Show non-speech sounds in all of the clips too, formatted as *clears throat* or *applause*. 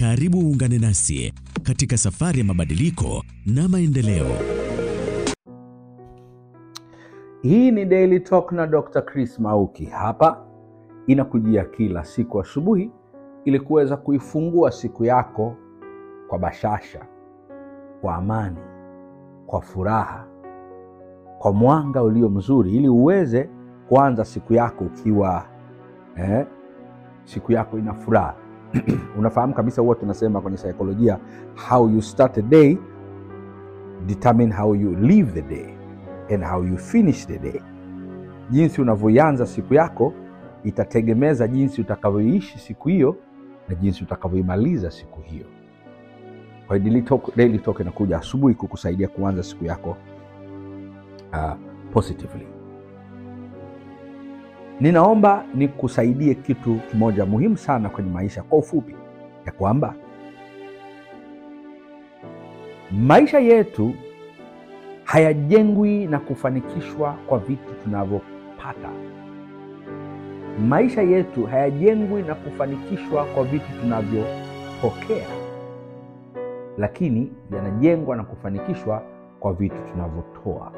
Karibu uungane nasi katika safari ya mabadiliko na maendeleo. Hii ni Daily Talk na Dr. Chris Mauki. Hapa inakujia kila siku asubuhi ili kuweza kuifungua siku yako kwa bashasha, kwa amani, kwa furaha, kwa mwanga ulio mzuri ili uweze kuanza siku yako ukiwa eh, siku yako ina furaha. *clears throat* unafahamu kabisa, huwa tunasema kwenye saikolojia, how you start a day determine how you live the day and how you finish the day. Jinsi unavyoianza siku yako itategemeza jinsi utakavyoishi siku hiyo na jinsi utakavyoimaliza siku hiyo. Kwa Daily Talk inakuja asubuhi kukusaidia kuanza siku yako uh, positively. Ninaomba nikusaidie kitu kimoja muhimu sana kwenye maisha, kwa ufupi, ya kwamba maisha yetu hayajengwi na kufanikishwa kwa vitu tunavyopata. Maisha yetu hayajengwi na kufanikishwa kwa vitu tunavyopokea, lakini yanajengwa na kufanikishwa kwa vitu tunavyotoa.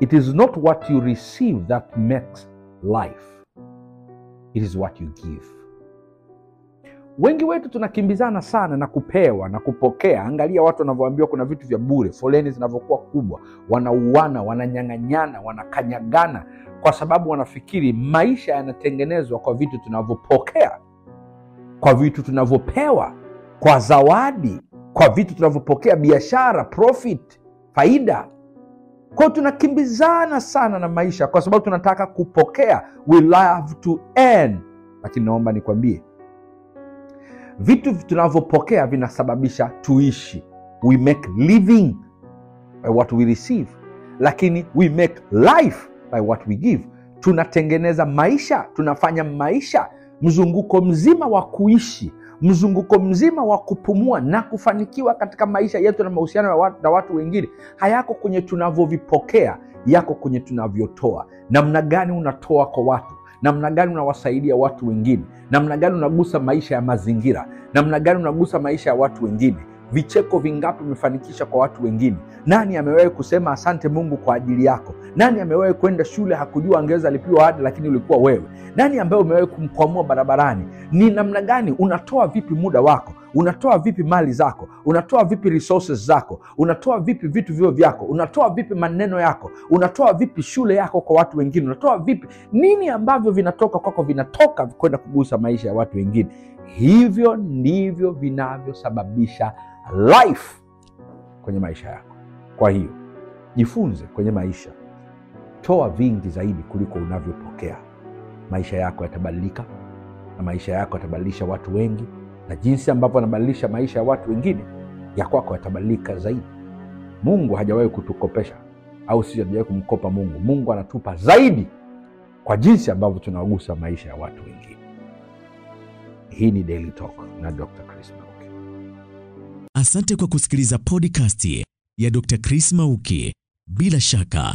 It is not what you receive that makes life. It is what you give. Wengi wetu tunakimbizana sana na kupewa na kupokea. Angalia watu wanavyoambiwa kuna vitu vya bure, foleni zinavyokuwa kubwa, wanauana, wananyang'anyana, wanakanyagana, kwa sababu wanafikiri maisha yanatengenezwa kwa vitu tunavyopokea, kwa vitu tunavyopewa, kwa zawadi, kwa vitu tunavyopokea, biashara, profit, faida kwao. Tunakimbizana sana na maisha kwa sababu tunataka kupokea, we love to earn. Lakini naomba nikwambie vitu tunavyopokea vinasababisha tuishi, we make living by what we receive, lakini we make life by what we give. Tunatengeneza maisha, tunafanya maisha, mzunguko mzima wa kuishi mzunguko mzima wa kupumua na kufanikiwa katika maisha yetu na mahusiano na watu wengine hayako kwenye tunavyovipokea, yako kwenye tunavyotoa. Namna gani unatoa kwa watu namna gani unawasaidia watu wengine, namna gani unagusa maisha ya mazingira, namna gani unagusa maisha ya watu wengine. Vicheko vingapi umefanikisha kwa watu wengine? Nani amewahi kusema asante Mungu kwa ajili yako? Nani amewahi kwenda shule hakujua angeweza alipiwa ada, lakini ulikuwa wewe? Nani ambaye umewahi kumkwamua barabarani? Ni namna gani unatoa vipi muda wako unatoa vipi mali zako, unatoa vipi resources zako, unatoa vipi vitu vyo vyako, unatoa vipi maneno yako, unatoa vipi shule yako kwa watu wengine, unatoa vipi nini ambavyo vinatoka kwako, vinatoka kwenda kugusa maisha ya watu wengine. Hivyo ndivyo vinavyosababisha life kwenye maisha yako. Kwa hiyo jifunze kwenye maisha toa vingi zaidi kuliko unavyopokea. Maisha yako yatabadilika, na maisha yako yatabadilisha watu wengi, na jinsi ambavyo anabadilisha maisha ya watu wengine, ya kwako yatabadilika zaidi. Mungu hajawahi kutukopesha, au sisi hatujawai kumkopa Mungu. Mungu anatupa zaidi kwa jinsi ambavyo tunagusa maisha ya watu wengine. Hii ni Daily Talk na Dr. Chris Mauki. Asante kwa kusikiliza podcast ya Dr. Chris Mauki. Bila shaka